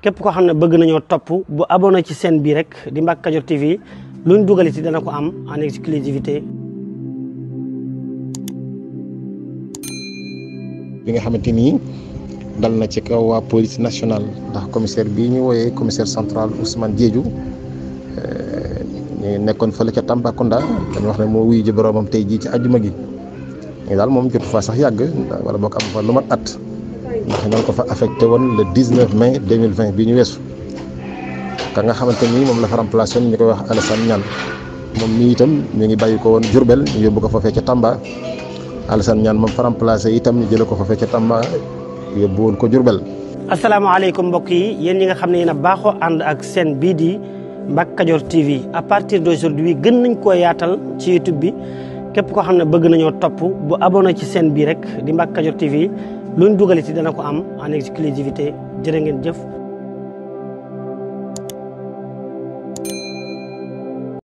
képp koo xam ne bëgg nañoo topp bu abonné ci seen bii rek di Mbacke Kadior TV luñ dugal ci dana ko am en exclusivité bi nga xamante ni dal na ci kaw waa police nationale ndax commissaire bii ñuy wooyee commissaire central Ousmane Diédhiou ñu eh, nekkoon fële ca Tambacounda dañu wax ne moo wuyu ji boroomam tey jii ci àjjuma gi ñu daal moom jotu fa sax yàgg wala boo ko am fa lu mat at. ndax ñoo ko fa affecté woon le 19 mai 2020 bii ñu weesu ka nga xamante ni moom la fa remplacé woon ñu koy wax Alassane Niane moom mii itam ñu bàyyi ko woon Diourbel ñu yóbbu ko foofee ca Tamba Alassane Niane moom fa itam ñu jële ko foofee ca Tamba yóbbu woon ko Diourbel. asalaamaaleykum mbokk yi yéen ñi nga xam ne yéen na baaxoo ànd ak seen bii di Mbacke Kadior TV à partir d'aujourd'hui gën nañ koo yaatal ci YouTube bi képp koo xam ne bëgg nañoo topp bu abonné ci seen bii rek di mbaak Kadior TV. luñ dugal ci dana ko am en exclusivité jërë ngeen jëf